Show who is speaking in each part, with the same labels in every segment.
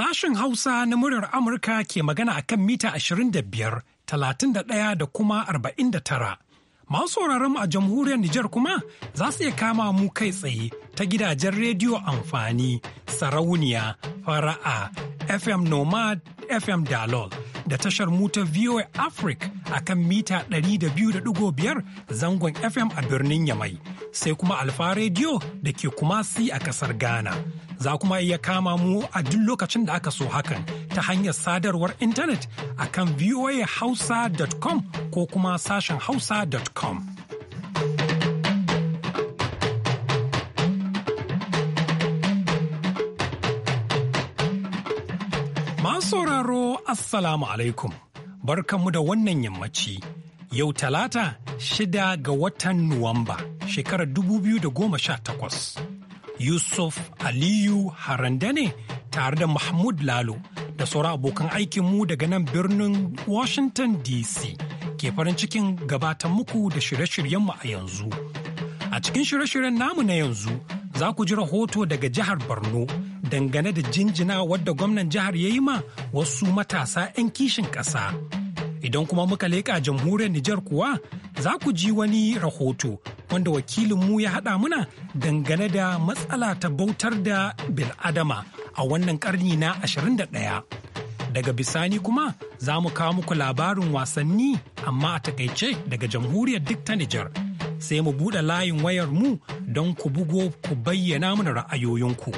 Speaker 1: Sashen Hausa na muryar Amurka ke magana a kan mita 25, 31 da kuma 49. Masu sauraron a jamhuriyar Nijar kuma za su iya kama mu kai tsaye ta gidajen rediyo amfani, sarauniya, fara'a, FM Nomad, FM Dalol da tashar muta VOA Africa a kan mita 200.5 zangon FM a birnin Yamai, sai kuma Alfa Rediyo da ke kuma si a kasar Ghana. za kuma iya kama mu a duk lokacin da aka so hakan ta hanyar sadarwar intanet a kan voahausa.com ko kuma sashen hausa.com. Masu sauraro Assalamu alaikum, barkanmu da wannan yammaci. Yau talata shida ga watan Nuwamba, shekarar 2018. Yusuf Aliyu Haranda ne tare da Mahmud Lalo da sauran abokan aikinmu daga nan birnin Washington DC ke farin cikin gabatar muku da shirye-shiryenmu a yanzu. A cikin shirye-shiryen namu na yanzu za ku ji rahoto daga jihar Borno dangane da jinjina wadda gwamnan jihar ya yi ma wasu matasa 'yan kishin ƙasa. Idan kuma muka leƙa jamhuriyar Nijar kuwa za ku ji wani rahoto wanda wakilinmu ya haɗa muna dangane da matsala ta bautar da bil'adama a wannan ƙarni na 21. Daga bisani kuma za mu kawo muku labarin wasanni amma a takaice daga jamhuriyar duk ta Nijar. Sai mu buɗe layin wayar mu don ku bugo ku bayyana mana ra'ayoyinku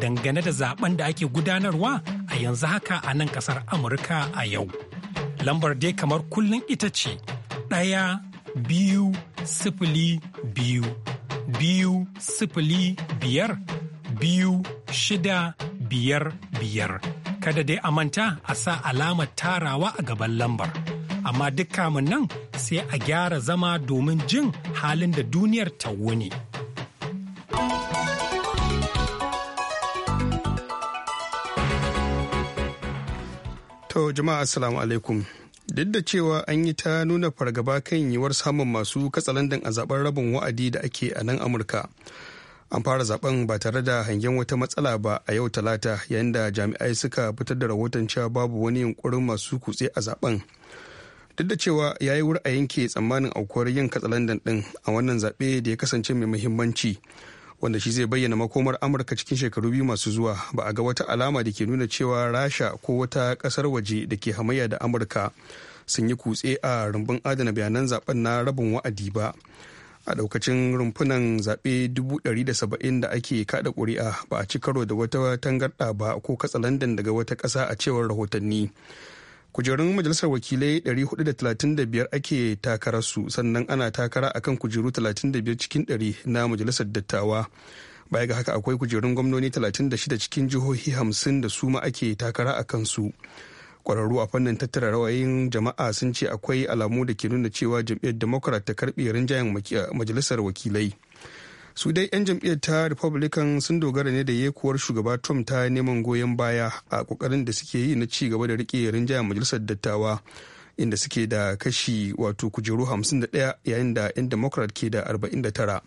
Speaker 1: dangane da zaben da ake gudanarwa a yanzu haka a nan ƙasar Amurka a yau. lambar dai kamar kullum ita ce ɗaya biyu sifili biyu biyu sifili biyar biyu shida biyar biyar kada dai a manta a sa alamar tarawa a gaban lambar amma duk kamun nan sai a gyara zama domin jin halin da duniyar ta wuni. To jama'a
Speaker 2: assalamu alaikum. Duk da cewa an yi ta nuna fargaba kan yiwuwar samun masu katsalandan a zaben rabin wa'adi da ake a nan Amurka. An fara zaben ba tare da hangen wata matsala ba a yau talata yayin da jami'ai suka fitar da rahoton cewa babu wani yunkurin masu kutse a zaben. duk da cewa ya yi a yanke tsammanin aukuwar yin katsalandan din a wannan zaɓe da ya kasance mai muhimmanci wanda shi zai bayyana makomar amurka cikin shekaru biyu masu zuwa ba a ga wata alama da ke nuna cewa rasha ko wata kasar waje da ke hamayya da amurka sun yi kutse a rumbun adana bayanan zaben na rabin wa'adi ba a daukacin rumfunan zaɓe 170 da ake kada ƙuri'a ba a ci karo da wata tangarɗa ba ko katsalandan daga wata ƙasa a cewar rahotanni kujerun majalisar wakilai 435 ake takararsu sannan ana takara akan kujeru 35 cikin 100 na majalisar dattawa baya ga haka akwai kujerun gwamnoni 36 cikin jihohi 50 da su ma ake takara a kansu kwararru a fannin tattara rawayin jama'a sun ce akwai alamu da ke nuna cewa jam'iyyar democrat ta karbe rinjayen majalisar wakilai su dai 'yan jam'iyyar ta republican sun dogara ne da yekuwar shugaba trump ta neman goyon baya a kokarin da suke yi na ci gaba da rike rinjayen majalisar dattawa inda suke da kashi wato kujeru 51 yayin da 'yan democrat ke da 49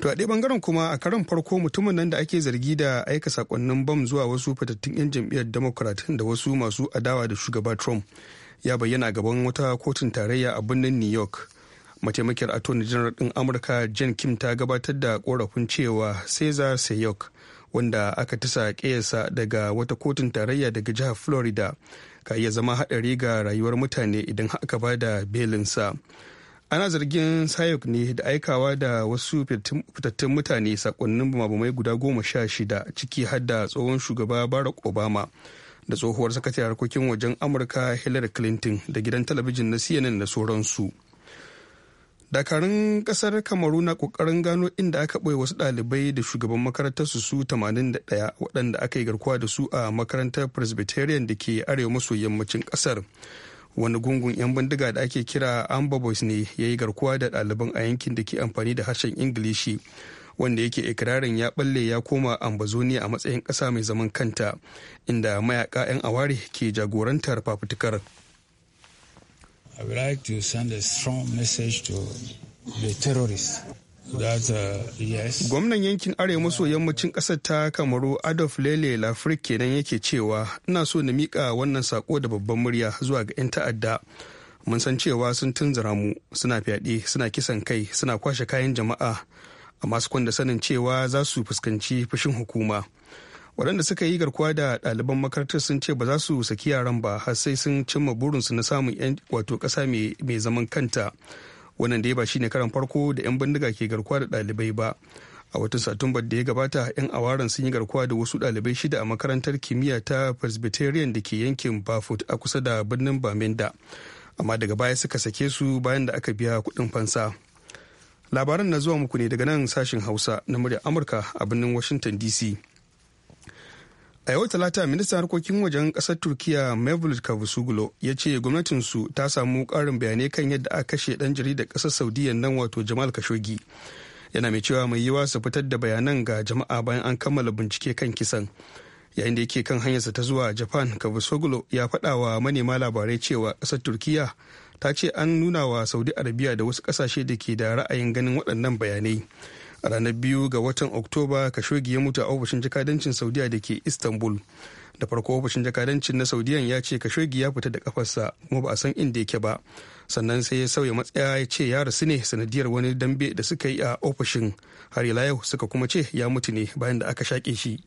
Speaker 2: to a ɗaya bangaren kuma a karan farko mutumin nan da ake zargi da aika sakonnin bam zuwa wasu fitattun 'yan jam'iyyar democrat da wasu masu adawa da shugaba trump ya bayyana gaban wata kotun tarayya a birnin new york mataimakiyar attorney general din amurka jen kim ta gabatar da korafin cewa cesar sayok wanda aka tasa kiyasa daga wata kotun tarayya daga jihar florida ka iya zama haɗari ga rayuwar mutane idan aka ba da belinsa ana zargin sayok ne da aikawa da wasu fitattun mutane sakonnin bumabumai guda goma sha shida ciki har da tsohon shugaba barack obama da tsohuwar sakatare harkokin wajen amurka hillary clinton da gidan talabijin na cnn da sauransu dakarun kasar kamaru na kokarin gano inda aka ɓoye wasu ɗalibai da shugaban makarantarsu su 81 waɗanda aka yi garkuwa da su a makarantar presbyterian da ke arewa maso yammacin ƙasar wani gungun 'yan bindiga da ake kira amba boys ne ya yi garkuwa da ɗaliban a yankin da ke amfani da harshen ingilishi wanda yake ikirarin ya balle ya koma ambazonia a matsayin ƙasa mai zaman kanta inda mayaka 'yan aware ke jagorantar fafutukar
Speaker 1: I would like to send a strong message
Speaker 2: to the terrorists. Uh, Gwamnan yankin arewa maso yammacin ƙasar ta Kamaru Adolf Lele Lafrik kenan yake cewa ina so na miƙa wannan sako da babban murya zuwa ga 'yan ta'adda. Mun san cewa sun tunzura mu suna fyaɗe suna kisan kai suna kwashe kayan jama'a amma su kwanda sanin cewa za su fuskanci fushin hukuma. waɗanda suka yi garkuwa da ɗaliban makarantar sun ce ba za su saki yaran ba har sai sun cimma burinsu na samun yan wato ƙasa mai zaman kanta wannan da ya ba shine karan farko da yan bindiga ke garkuwa da ɗalibai ba a watan satumbar da ya gabata yan awaran sun yi garkuwa da wasu ɗalibai shida a makarantar kimiyya ta presbyterian da ke yankin bafut a kusa da birnin baminda amma daga baya suka sake su bayan da aka biya kuɗin fansa labaran na zuwa muku ne daga nan sashen hausa na murya amurka a birnin washington dc a yau talata ministan harkokin wajen kasar turkiya mevlut cavusoglu ya ce gwamnatinsu ta samu karin bayanai kan yadda aka kashe dan jaridar kasar saudiya nan wato jamal kashogi yana mai cewa mai yiwa su fitar da bayanan ga jama'a bayan an kammala bincike kan kisan yayin da yake kan hanyarsa ta zuwa japan cavusoglu ya faɗa wa manema labarai cewa kasar turkiya ta ce an nuna wa saudi arabia da wasu ƙasashe da ke da ra'ayin ganin waɗannan bayanai a ranar biyu ga watan oktoba kashogi ya mutu a ofishin jakadancin saudiya da ke istanbul da farko ofishin jakadancin na saudiyan ya ce kashogi ya fita da kafarsa kuma ba a san inda yake ba sannan sai ya sauya matsaya ya ce ya rasu ne sanadiyar wani dambe da suka yi a ofishin har yau suka kuma ce ya mutu ne bayan da aka shaƙe shi.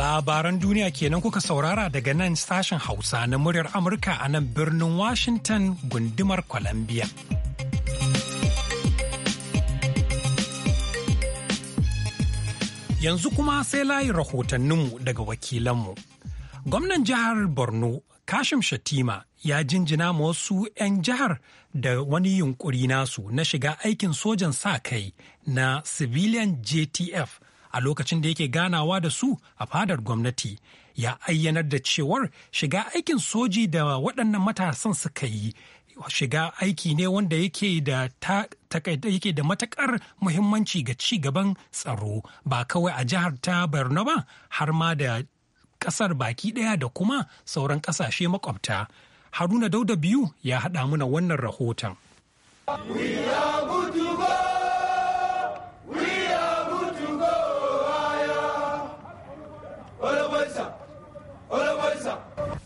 Speaker 1: Labaran duniya kenan kuka saurara daga nan sashen Hausa na muryar Amurka a nan birnin Washington gundumar Columbia. Yanzu kuma sai layi rahotanninmu daga wakilanmu. Gwamnan jihar Borno, Kashim Shatima, ya jinjina ma wasu 'yan jihar da wani yunkuri nasu na shiga aikin sojan sa kai na civilian JTF. a lokacin da yake ganawa da su a fadar gwamnati ya ayyanar da cewar shiga aikin soji da waɗannan matasan suka yi shiga aiki ne wanda yake da yake da matakar muhimmanci ga ci gaban tsaro ba kawai a jihar ta borno ba har ma da kasar baki ɗaya da kuma sauran ƙasashe makwabta haruna dauda biyu ya haɗa muna wannan rahoton.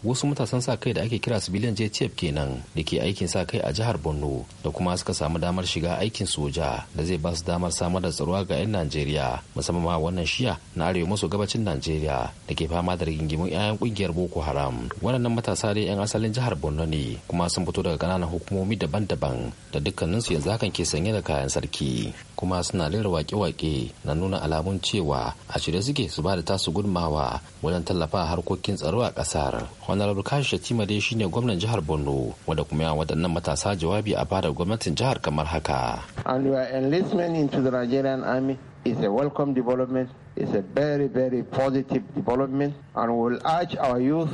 Speaker 3: wasu matasan sa kai da ake kira civilian jtf kenan da ke aikin sa kai a jihar borno da kuma suka samu damar shiga aikin soja da zai ba su damar samar da tsaro ga 'yan najeriya musamman ma wannan shiya na arewa maso gabacin najeriya da ke fama da rigingimun 'ya'yan kungiyar boko haram waɗannan matasa dai 'yan asalin jihar borno ne kuma sun fito daga ƙananan hukumomi daban-daban da dukkaninsu yanzu hakan ke sanye da kayan sarki kuma suna rera wake-wake na nuna alamun cewa a shirye suke su ba da tasu gudunmawa wajen tallafa harkokin tsaro a ƙasar honorable kashi Tima dai shine gwamnan jihar borno wanda kuma ya waɗannan matasa jawabi a fadar gwamnatin jihar kamar haka
Speaker 4: and your enlistment into the nigerian
Speaker 5: army is a welcome development is a very very positive development and we will urge our youth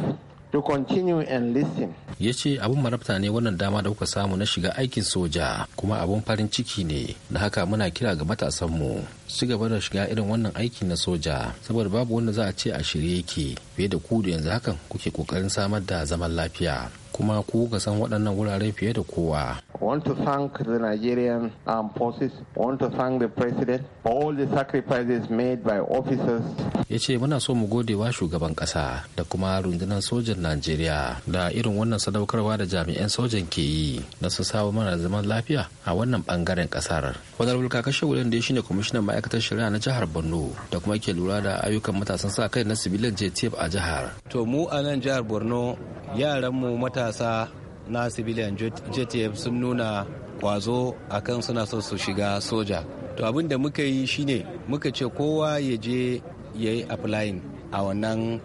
Speaker 5: to continue enlisting.
Speaker 3: Ya ce abin marabta ne wannan dama da kuka samu na shiga aikin soja kuma abun farin ciki ne na haka muna kira ga matasanmu su gaba da shiga irin wannan aiki na soja saboda babu wanda za a ce a shirye yake fiye da ku da yanzu hakan kuke kokarin samar da zaman lafiya kuma ku ga san waɗannan wurare fiye da kowa.
Speaker 5: want to thank the Nigerian armed forces, want to thank the president for all the sacrifices made by officers.
Speaker 3: Ya ce muna so mu gode wa shugaban kasa da kuma rundunar sojan Najeriya da irin wannan sadaukarwa da jami'an sojan ke yi da su samu mana zaman lafiya a wannan bangaren ƙasar. Honorable kashe wurin da ya ne kwamishinan ma'aikatar shari'a na jihar borno da kuma ke lura da ayyukan matasan sa kai na sibilin jtf a
Speaker 6: jihar to mu a nan jihar borno yaran mu matasa na sibilin jtf sun nuna kwazo akan suna son su shiga soja to abin da muka yi shine muka ce kowa ya je ya yi applying a wannan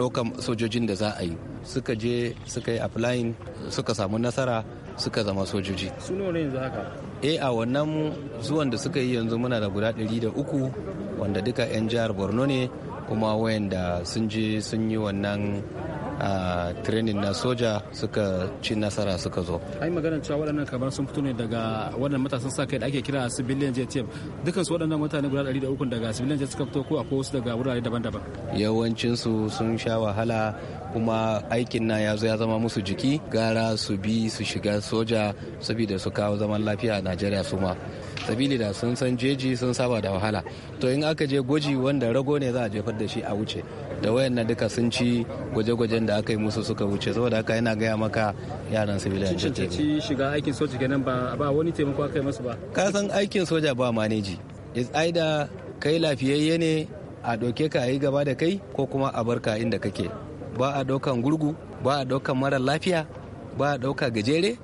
Speaker 6: ɗaukan sojojin da za a yi suka je suka yi applying suka samu nasara suka zama sojoji
Speaker 3: su yanzu haka
Speaker 6: eh a wannan zuwan da suka yi yanzu muna da guda ɗari da uku wanda duka 'yan jihar borno ne kuma wayanda sun je sun yi wannan a training na soja suka ci nasara suka zo
Speaker 3: ai maganar cewa waɗannan kamar sun fito ne daga waɗannan matasan sa kai da ake kira civilian jtm dukkan su waɗannan mutane guda 300 daga civilian jtm suka fito ko akwai wasu daga wurare daban-daban
Speaker 6: yawancin su sun sha wahala kuma aikin na ya zo ya zama musu jiki gara su bi su shiga soja saboda su kawo zaman lafiya a najeriya su ma sabili da sun san jeji sun saba da wahala to in aka je gwaji wanda rago ne za a jefar da shi a wuce da na duka sun ci gwaje-gwajen da aka yi musu suka wuce saboda haka yana gaya maka yaran civilian ce
Speaker 3: ci shiga aikin soja kenan ba ba wani taimako aka yi musu ba
Speaker 6: ka san aikin soja ba maneji is either kai lafiyayye ne a ɗauke ka yi gaba da kai ko kuma a barka inda kake ba a ɗaukan gurgu ba a ɗaukan mara lafiya ba a ɗauka gajere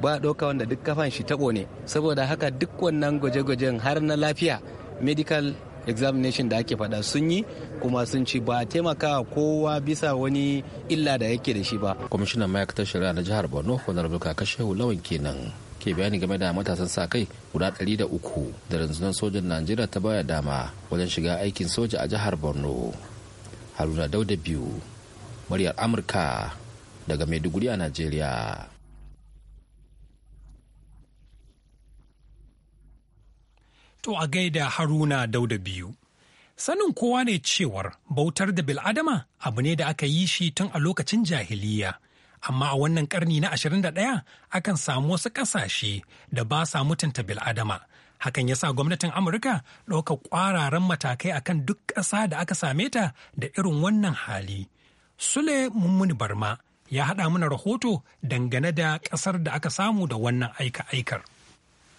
Speaker 6: ba a ɗauka wanda duk kafan shi taɓo ne saboda haka duk wannan gwaje-gwajen har na lafiya medical examination da ake faɗa sun yi kuma sun ci ba taimakawa kowa bisa wani illa da yake da shi ba kwamishinan ma'aikatar shari'a na jihar borno
Speaker 3: rubuka kashe lawan kenan ke bayani game da matasan sa kai guda 300 da rundunar sojan najeriya ta baya dama wajen shiga aikin soja a jihar borno haruna dauda biyu muryar amurka daga maiduguri a najeriya
Speaker 1: To a gaida Haruna Dauda biyu. Sanin kowa ne cewar bautar da bil'adama abu ne da aka yi shi tun a lokacin jahiliya. Amma a wannan karni na 21 akan samu wasu ƙasashe da ba sa mutunta bil'adama. Hakan ya sa gwamnatin Amurka ɗaukar ƙwararan matakai akan duk ƙasa da aka same ta da irin wannan hali. Sule Mummuni Barma ya haɗa mana rahoto dangane da ƙasar da aka samu da wannan aika-aikar.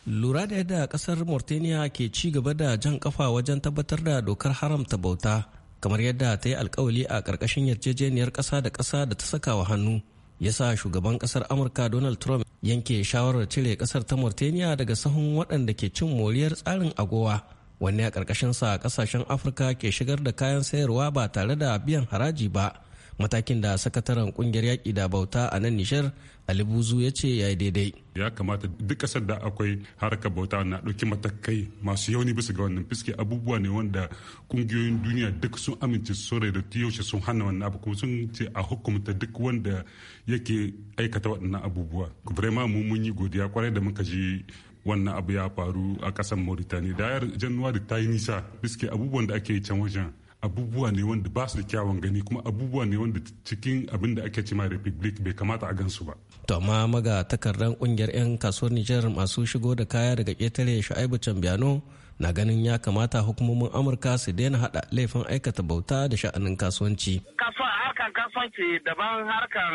Speaker 7: lura da yadda kasar mauritania ke ci gaba da jan kafa wajen tabbatar da dokar haramta bauta kamar yadda ta yi alkawali a ƙarƙashin yarjejeniyar ƙasa da ƙasa da ta saka wa hannu ya sa shugaban ƙasar amurka donald trump yanke shawarar cire ƙasar ta mauritania daga sahun waɗanda ke cin moriyar tsarin agowa wanne a sa ƙasashen afirka ke shigar da kayan sayarwa ba tare da biyan haraji ba matakin da sakataren kungiyar yaƙi da bauta a nan nishar alibuzu
Speaker 8: ya ce ya yi daidai ya kamata duk ƙasar da akwai harkar bauta na ɗauki matakai masu yauni bisa ga wannan fiske abubuwa ne wanda ƙungiyoyin duniya duk sun amince su rai da yaushe sun hana wannan abu kuma sun ce a hukumta duk wanda yake aikata waɗannan abubuwa vraiment mu mun yi godiya kwarai da muka ji wannan abu ya faru a ƙasar mauritania da yar januwari ta yi nisa biske abubuwan da ake yi can wajen abubuwa ne wanda ba su da kyawun gani kuma abubuwa ne wanda cikin abin da ake cima republic bai kamata a gansu ba. to
Speaker 7: amma maga takardar kungiyar 'yan kasuwar niger masu shigo da kaya daga ketare shu'aibu cambiano na ganin ya kamata hukumomin amurka su daina hada laifin aikata bauta da sha'anin kasuwanci.
Speaker 9: kafa harkan kasuwanci daban harkan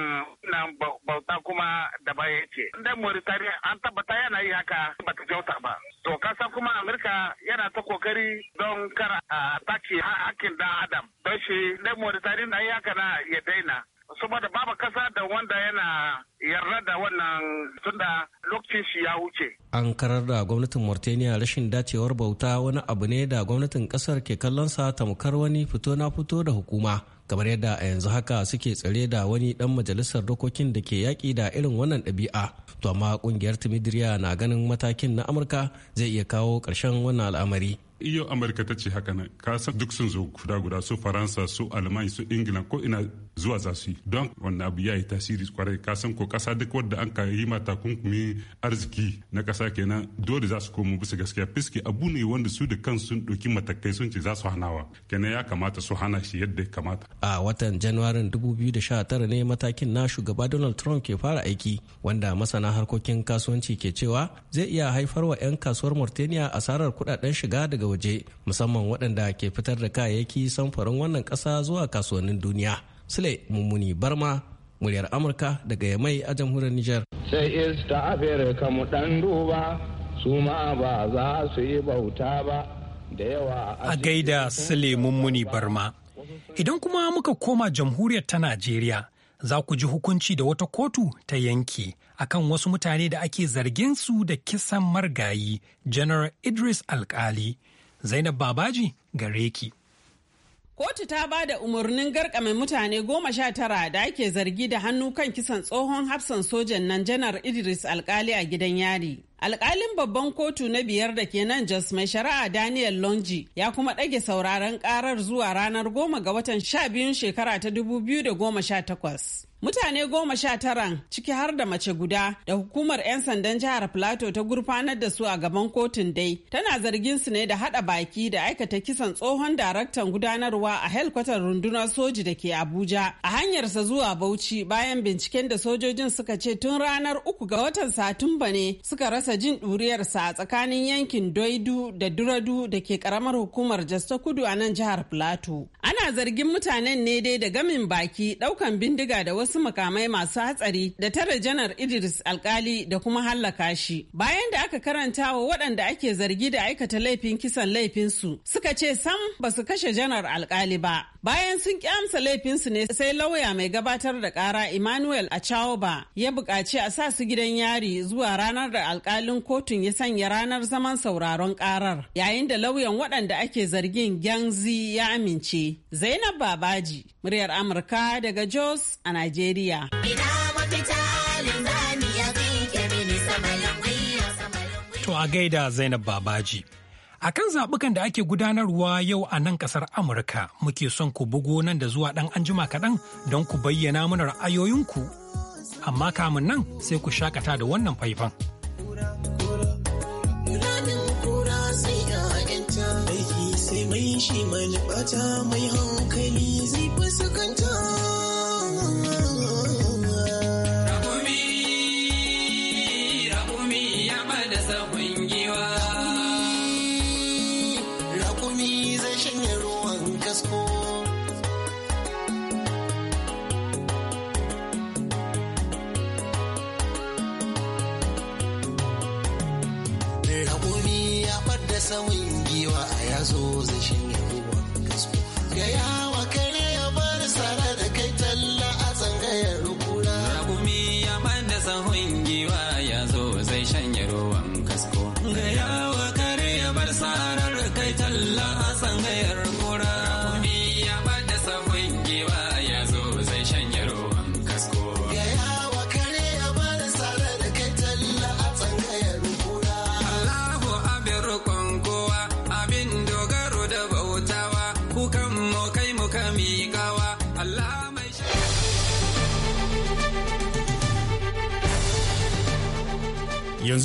Speaker 9: nan bauta kuma daban yake. Dan Mauritania an tabbata yana yi haka ba ta kyauta ba. To kasa kuma Amurka yana ta kokari don kar a take hakkin dan Adam. Don shi dan Mauritania na yi haka na ya daina. saboda babu kasa da wanda yana yarda da wannan tunda lokacin shi ya wuce.
Speaker 7: An karar da gwamnatin Mauritania rashin dacewar bauta wani abu ne da gwamnatin kasar ke kallon sa tamkar wani fito na fito da hukuma. kamar yadda a yanzu haka suke tsare da wani dan majalisar dokokin da ke yaƙi da irin wannan ɗabi'a to amma ƙungiyar timidiriya na ganin matakin na amurka zai iya kawo ƙarshen
Speaker 8: wannan al'amari iyo amurka ta ce haka na ka duk sun zo guda guda su faransa su alman su ingila ko ina zuwa za su yi don wannan abu ya yi tasiri kwarai ka san ko kasa duk wadda an ka yi ma takunkumi arziki na kasa kenan dole za su komo bisa gaskiya fiske abu ne wanda su da kansu sun ɗauki matakai sun ce za su hanawa kenan ya kamata su hana shi yadda ya kamata
Speaker 7: a watan januwarin 2019 ne matakin na shugaba donald trump ke fara aiki wanda masana harkokin kasuwanci ke cewa zai iya haifar wa 'yan kasuwar mauritania asarar kudaden shiga daga waje musamman waɗanda ke fitar da kayayyaki samfarin wannan ƙasa zuwa kasuwannin duniya Sule Mummuni Barma muryar Amurka daga Yamai a jamhuriyar Nijar.
Speaker 9: Sai ista Afirka mu ɗan duba su ma ba za su yi bauta ba da yawa
Speaker 1: a gaida Sule Mummuni Barma. Idan kuma muka koma jamhuriyar ta Najeriya za ku ji hukunci da wata kotu ta yanke akan wasu mutane da ake zargin su da kisan margayi General Idris Alkali. Zainab Babaji gare ki.
Speaker 10: Kotu ta ba da umarnin garkame mutane goma sha tara da ake zargi da hannu kan kisan tsohon hafsan sojan nan janar Idris alkali a gidan yari. Alkalin babban kotu na biyar da ke nan Jos mai shari'a Daniel Longi ya kuma ɗage sauraron ƙarar zuwa ranar goma ga watan sha biyun shekara ta dubu biyu da goma sha takwas. Mutane goma sha taran ciki har da mace guda da hukumar 'yan sandan jihar Plateau ta gurfanar da su a gaban kotun dai tana zargin su ne da hada baki da aikata kisan tsohon daraktan gudanarwa a helkwatar rundunar soji da ke Abuja a hanyarsa zuwa Bauchi bayan binciken da sojojin suka ce tun ranar uku ga watan Satumba ne suka rasa jin ɗuriyarsa a tsakanin yankin Doidu da Duradu da ke karamar hukumar Jasta Kudu a nan jihar Plateau. Ana zargin mutanen ne dai da gamin baki ɗaukan bindiga da wasu wasu mukamai masu hatsari da tare janar Idris alkali da kuma hallaka shi. Bayan da aka karanta wa waɗanda ake zargi da aikata laifin kisan laifinsu suka ce sam ba su kashe janar alkali ba. Bayan sun ƙi laifinsu ne sai lauya mai gabatar da ƙara Emmanuel Achaoba ya buƙaci a sa su gidan yari zuwa ranar da alkalin kotun ya sanya ranar zaman sauraron ƙarar. Yayin da lauyan waɗanda ake zargin Gyanzi ya amince. Zainab Babaji, muryar Amurka daga Jos a Nigeria. Najeriya.
Speaker 1: To a gaida Zainab Babaji. A kan zaɓukan da ake gudanarwa yau a nan ƙasar Amurka muke son ku bugo nan da zuwa ɗan anjima kaɗan don ku bayyana mana ra'ayoyinku. Amma kamun nan sai ku shakata da wannan faifan.
Speaker 5: Aiki sai mai shi mai hankali
Speaker 7: zai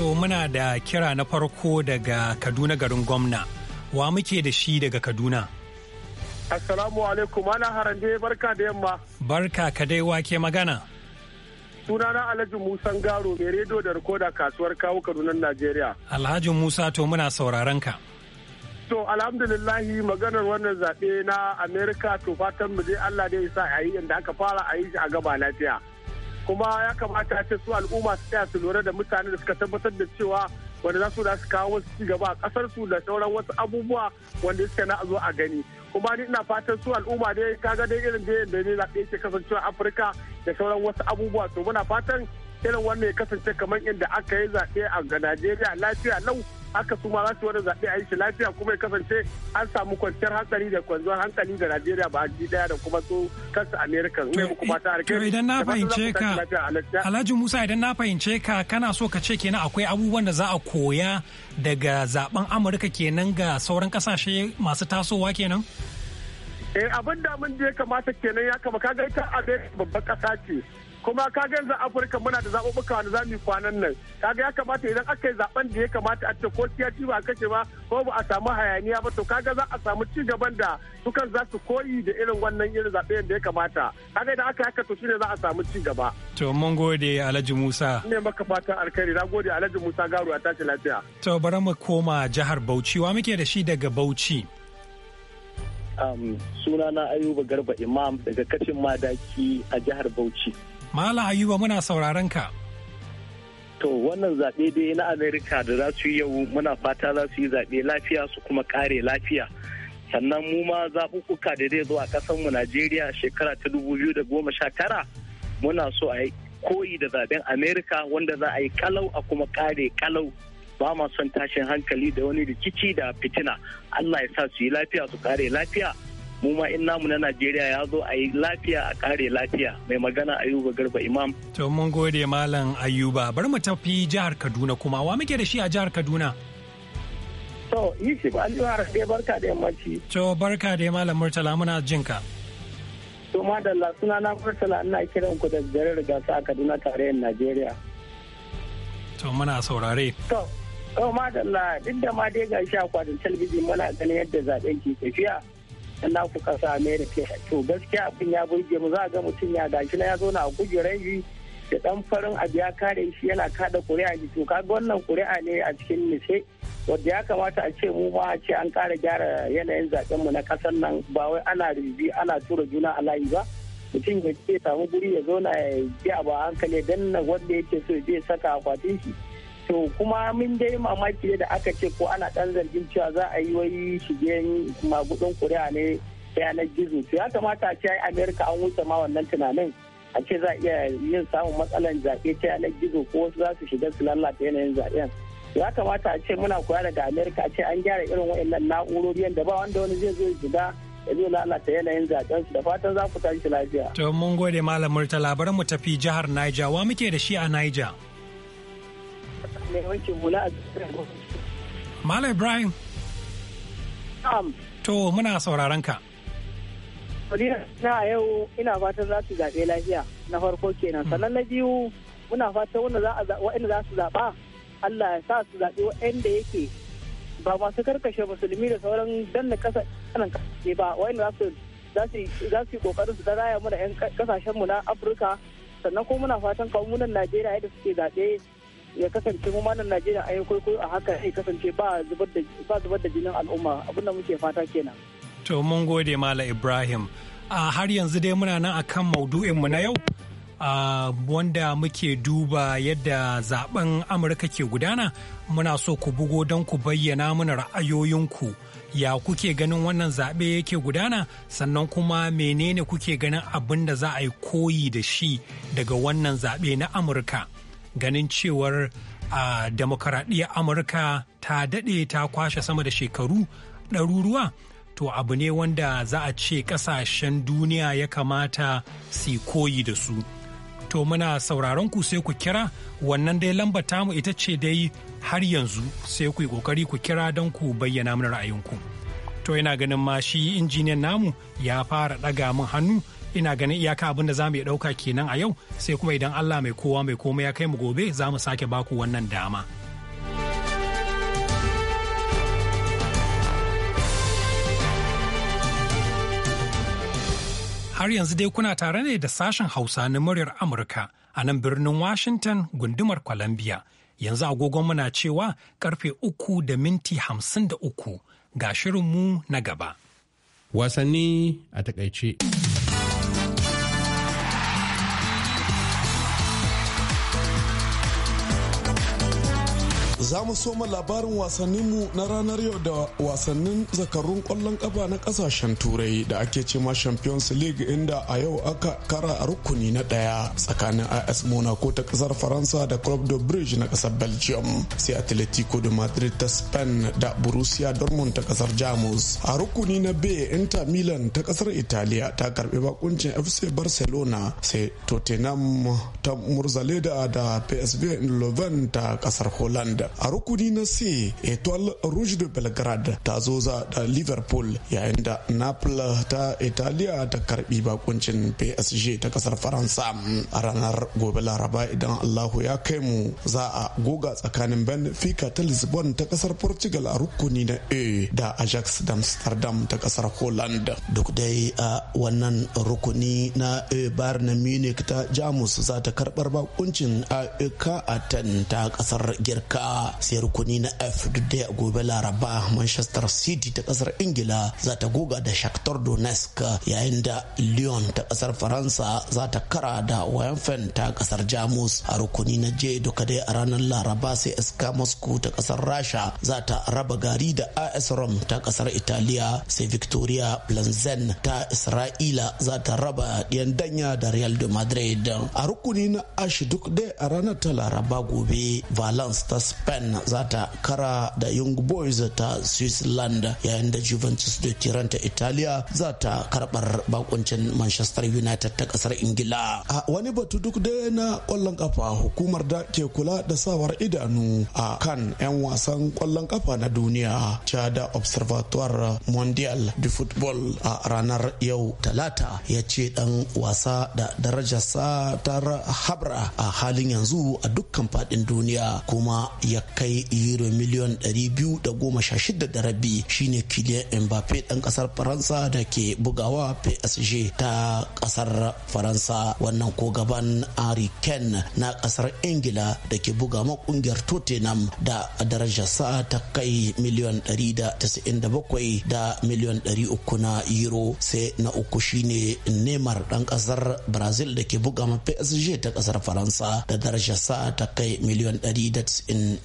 Speaker 1: To muna da kira na farko daga Kaduna garin gwamna. Wa muke da shi daga Kaduna?
Speaker 9: Assalamu alaikum, ana harande barka da yamma.
Speaker 1: Barka ka dai wake magana.
Speaker 9: Sunana Alhaji Musa Garo mai rediyo da rikoda kasuwar kawo kadunan Najeriya.
Speaker 1: Alhaji Musa to muna sauraron ka.
Speaker 9: To alhamdulillahi maganar wannan zaɓe na Amerika to fatan mu je Allah dai sa a yi inda aka fara a yi shi a gaba lafiya. kuma ya kamata a ce su al'umma su tsaya su lura da mutane da suka tabbatar da cewa wanda za su da su kawo wasu ci gaba a kasar su da sauran wasu abubuwa wanda suka na zo a gani kuma ni ina fatan su al'umma dai kaga dai irin da yadda ne zaɓe ke kasancewa afirka da sauran wasu abubuwa to muna fatan irin wannan ya kasance kamar inda aka yi zaɓe a Najeriya lafiya lau haka su ma za su wani zaɓe a yi shi lafiya kuma ya kasance an samu kwanciyar hankali da kwanciyar hankali da Najeriya ba ji daya da kuma su kansu Amerika. To idan na fahimce ka
Speaker 1: Alhaji Musa idan na fahimce ka kana so ka ce kenan akwai abubuwan da za a koya daga zaben Amurka kenan ga sauran kasashe masu tasowa kenan?
Speaker 9: Eh abin da mun je kamata kenan ya kama kaga ita Amerika babban kasa ce kuma kaga yanzu afirka muna da zaɓuɓɓuka wanda za mu kwanan nan kaga ya kamata idan aka yi zaɓen da ya kamata a ce ko siyasi ba kashe ba ko ba a samu hayaniya ba to kaga za a samu ci gaban da sukan za su koyi da irin wannan irin zaɓe da ya kamata kaga idan aka haka to shine za a samu ci gaba.
Speaker 1: to mun gode alhaji musa.
Speaker 9: ne maka fatan alkhairi na gode alhaji musa garu a tashi lafiya.
Speaker 1: to bari mu koma jihar bauchi wa muke da shi daga bauchi.
Speaker 4: Um, na ayuba garba imam daga kashin madaki a jihar bauchi.
Speaker 1: Mala Ayuba muna sauraron ka.
Speaker 4: To wannan zaɓe dai na Amerika da za su yi yau muna fata za su yi zaɓe lafiya su kuma ƙare lafiya. Sannan mu ma zaɓuɓɓuka da zai zo a mu Najeriya shekara ta dubu biyu da goma sha tara muna so a yi koyi da zaɓen Amerika wanda za a yi kalau a kuma ƙare kalau ba ma son tashin hankali da wani rikici da fitina. Allah ya sa su yi lafiya su ƙare lafiya. mu ma in namu na Najeriya ya zo a yi lafiya a kare lafiya mai magana Ayuba Garba
Speaker 1: Imam. To mun gode Malam Ayuba bar mu tafi jihar Kaduna kuma wa muke da shi a jihar Kaduna. To yi Yusuf Aljuhar dai barka da yammaci. To barka da Malam Murtala muna jin ka.
Speaker 4: To madalla suna na Murtala ina kiran ku da jarar gasa a Kaduna tarayyar Najeriya.
Speaker 1: To muna saurare. To
Speaker 4: Oh madalla duk da ma dai ga shi a kwanan talabijin muna ganin yadda zaben ke tafiya. na ku kasa america to gaskiya abin ya burge mu za a ga mutum ya gashi na ya zo na kujerar shi da dan farin abu ya kare shi yana kada kuri'a ji to kaga wannan kuri'a ne a cikin nise wadda ya kamata a ce mu ma a ce an kara gyara yanayin zaben mu na kasar nan ba wai ana rubi ana tura juna a layi ba mutum ya ce samu guri ya zo na ya ji ba hankali danna wanda yake so ya je saka akwatin shi to kuma min dai mamaki da aka ce ko ana ɗan zargin cewa za a yi wai shige magudin kuri'a ne ta yanar gizo to ya kamata a ce amerika an wuce ma wannan tunanin a ce za a iya yin samun matsalan zaɓe ta yanar gizo ko wasu za su shiga su lalata yanayin zaɓen ya kamata a ce muna koya daga amerika a ce an gyara irin wa'annan na'urori yadda ba wanda wani zai zo ya shiga ya zo lalata yanayin zaɓen su da fatan za ku tashi lafiya.
Speaker 1: to mun gode malam murtala bari mu tafi jihar niger wa muke da shi a niger.
Speaker 4: mai wanke hula a
Speaker 1: Malam Ibrahim. Na'am. To muna sauraron ka.
Speaker 4: Madina na yau ina fatan za su zaɓe lafiya na farko kenan hmm. sannan na biyu muna fatan wanda za waɗanda za su zaɓa Allah ya sa su zaɓi waɗanda yake ba masu karkashe musulmi da sauran danna kasa kanan kasashe ba waɗanda za su za su yi kokarin su mu da 'yan kasashen mu na Afirka sannan ko muna fatan kawunan Najeriya yadda suke zaɓe ya kasance mu ma Najeriya ayi kwaikwayo a haka ya kasance ba zubar da ba jinin al'umma abin da muke fata kenan
Speaker 1: to mun gode mala Ibrahim a har yanzu dai muna nan akan maudu'in mu na yau Uh, wanda muke duba yadda zaben amurka ke gudana muna so ku bugo don ku bayyana mana ra'ayoyinku ya kuke ganin wannan zaɓe yake gudana sannan kuma menene kuke ganin abin da za a yi koyi da shi daga wannan zaɓe na amurka ganin cewar a demokaradiyyar amurka ta daɗe ta kwashe sama da shekaru ɗaruruwa to abu ne wanda za a ce ƙasashen duniya ya kamata su koyi da su to muna sauraron ku sai ku kira wannan dai lambar tamu ita ce dai har yanzu sai ku yi ƙoƙari ku kira don ku bayyana mana ra'ayinku to yana ganin ma shi injiniyan namu ya fara ɗaga min hannu ina ganin iyaka abin da za mu iya ɗauka kenan a yau sai kuma idan allah mai kowa mai komai ya kai mu gobe za mu sake baku wannan dama. har yanzu dai kuna tare ne da sashen hausa na muryar amurka a nan birnin washington gundumar columbia yanzu agogon muna cewa karfe uku da minti hamsin da uku ga shirinmu na gaba wasanni a takaice
Speaker 5: za mu soma labarin wasanninmu na ranar yau da wasannin zakarun kwallon kafa na kasashen turai da ake ma champions league inda a yau aka kara a rukuni na daya tsakanin as monaco ta kasar faransa da club de bridge na kasar belgium sai atletico de madrid ta spain da borussia dortmund ta kasar jamus a rukuni na b inter milan ta kasar italiya ta karbi bakuncin fc barcelona sai tottenham ta murzaleda da psv Leuven ta kasar holland a rukuni na c etoile rouge de belgrade ta za da liverpool yayin da naples ta italiya ta karbi bakuncin psg ta kasar faransa a ranar gobe laraba idan allahu ya kai mu za a goga tsakanin benfica ta lisbon ta kasar portugal a rukuni na a da ajax da amsterdam ta kasar holland duk dai a wannan rukuni na a bayar na munich ta jamus za ta karbar bakuncin a ta kasar girka sai rukuni na f duk a gobe laraba manchester city ta kasar ingila za ta goga da shakhtar donetsk yayin da lyon ta kasar faransa za ta kara da wayanfen ta kasar jamus a rukuni na j duka dai a ranar laraba sai sk moscow ta kasar rasha za ta raba gari da as rom ta kasar italiya sai victoria blanzen ta isra'ila za ta raba yan danya da real de madrid a rukuni na ash duk dai a ranar ta laraba gobe valence ta spain Bern za ta kara da young boys ta switzerland yayin da juventus da tiranta italiya za ta karbar bakuncin manchester united ta kasar ingila a wani batu duk da na kwallon kafa hukumar da ke kula da sawar idanu a kan 'yan wasan kwallon kafa na duniya da observatoire mondial de football a ranar yau talata ya ce dan wasa da darajarsa ta habra a halin yanzu a dukkan fadin duniya kuma ya kai euro miliyan 216 da rabi shine Kylian Mbappe dan kasar Faransa da ke bugawa PSG ta kasar Faransa wannan ko gaban Harry Kane na kasar Ingila da ke buga ma kungiyar Tottenham da Sa ta kai miliyan 197 da miliyan 300 na euro sai na uku shine Neymar dan kasar Brazil da ke buga ma PSG ta kasar Faransa da Sa ta kai miliyan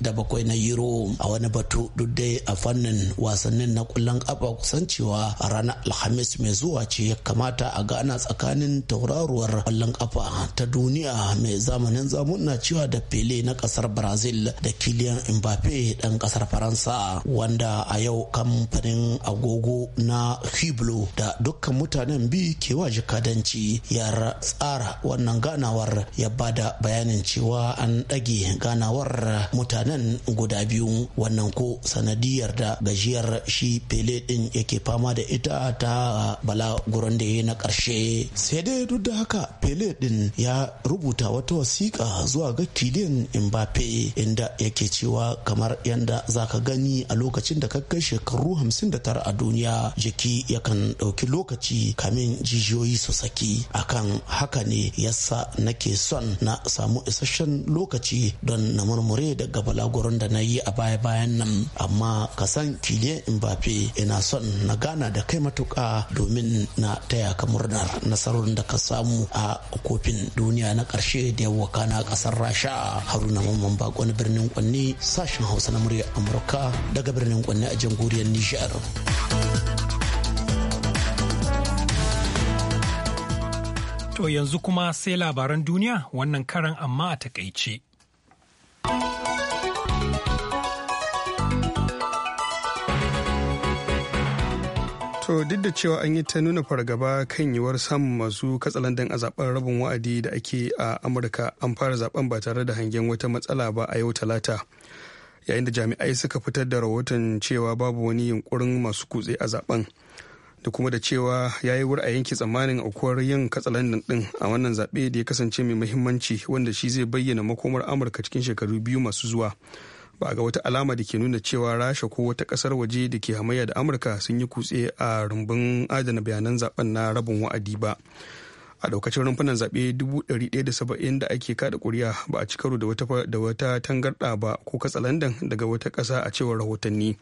Speaker 5: da bakwai na euro a wani batu duk dai a fannin wasannin na kullon kafa kusan cewa a ranar alhamis mai zuwa ce ya kamata a gana tsakanin tauraruwar kwallon kafa ta duniya mai zamanin zamuna cewa da pele na kasar brazil da kiliyan mbappe dan kasar faransa wanda a yau kamfanin agogo na hiblo da dukkan mutanen bi ke wa jikadanci ya tsara wannan ganawar ya bada bayanin cewa an ɗage ganawar mutanen nan guda biyu wannan ko sanadiyar da gajiyar shi pele din yake fama da ita ta ah, bala guron da na karshe sai dai duk da haka pele din ya rubuta wata wasiƙa zuwa ga kilin mbappe inda yake cewa kamar yanda zaka gani a lokacin da kai shekaru hamsin da tara a duniya jiki yakan ɗauki lokaci kamin jijiyoyi su saki akan haka ne yasa nake son na samu isasshen lokaci don na murmure daga bala jagoran da na yi a baya bayan nan amma ka san kile mbappe ina son na gana da kai matuka domin na taya ka murnar nasarorin da ka samu a kofin duniya na karshe da waka na kasar rasha haruna mamman bako na birnin kwanne sashen hausa na murya
Speaker 1: amurka daga birnin kwanne a jamhuriyar nishar To yanzu kuma sai labaran duniya wannan karan amma a takaice.
Speaker 2: To duk da cewa an yi ta nuna fargaba kan yiwuwar samun masu katsalandan a zaben rabin wa'adi da ake a Amurka an fara zaben ba tare da hangen wata matsala ba a yau talata. Yayin da jami'ai suka fitar da rahoton cewa babu wani yunkurin masu kutse a zaben. Da kuma da cewa ya yi wuri a yanke tsammanin aukuwar yin katsalandan din a wannan zaɓe da ya kasance mai muhimmanci wanda shi zai bayyana makomar Amurka cikin shekaru biyu masu zuwa. ba ga wata alama da ke nuna cewa rasha ko wata kasar waje da ke hamayya da amurka sun yi kutse a rumbun adana bayanan zaben na rabin wa'adi ba a daukacin rumfunan zaɓe 170 da ake kada kuri'a ba a da wata da wata tangarɗa ba ko katsalandan daga wata ƙasa a cewar rahotanni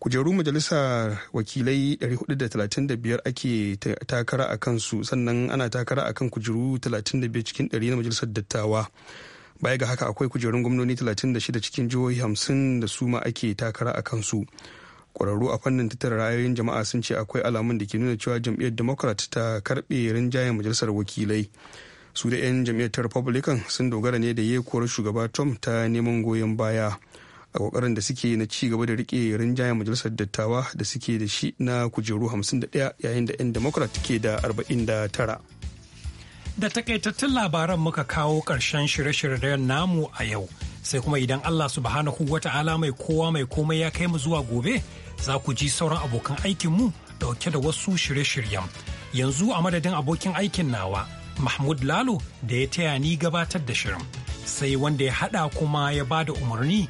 Speaker 2: kujeru majalisa wakilai 435 ake takara a kansu sannan ana takara a kan kujeru 35 cikin 100 na majalisar dattawa baya ga haka akwai kujerun gwamnoni 36 cikin jihohi 50 da su ma ake takara a kansu kwararru a fannin tattara ra'ayoyin jama'a sun ce akwai alamun da ke nuna cewa jam'iyyar democrat ta karbe rinjayen majalisar wakilai su da 'yan jam'iyyar ta republican sun dogara ne da yekuwar shugaba tom ta neman goyon baya a kokarin da suke na ci gaba da rike rinjayen majalisar dattawa da suke da shi na kujeru 51 yayin da 'yan democrat ke da 49
Speaker 1: Da takaitattun labaran muka kawo ƙarshen shirye-shiryen namu a yau. Sai kuma idan Allah subhanahu wa ta'ala mai kowa mai komai ya kai mu zuwa gobe, za ku ji sauran abokan aikin mu dauke da wasu shirye-shiryen. Yanzu a madadin abokin aikin nawa, Mahmud Lalo da ya taya ni gabatar da shirin. Sai wanda ya haɗa kuma ya ba da umarni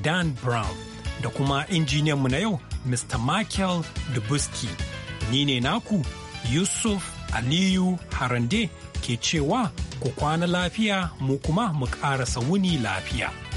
Speaker 1: Dan Brown da kuma injiniyan mu na yau, Mr. Michael Dubuski. Ni ne naku, Yusuf Aliyu Harande. ke cewa ku kwana lafiya mu kuma mu ƙarasa wuni lafiya.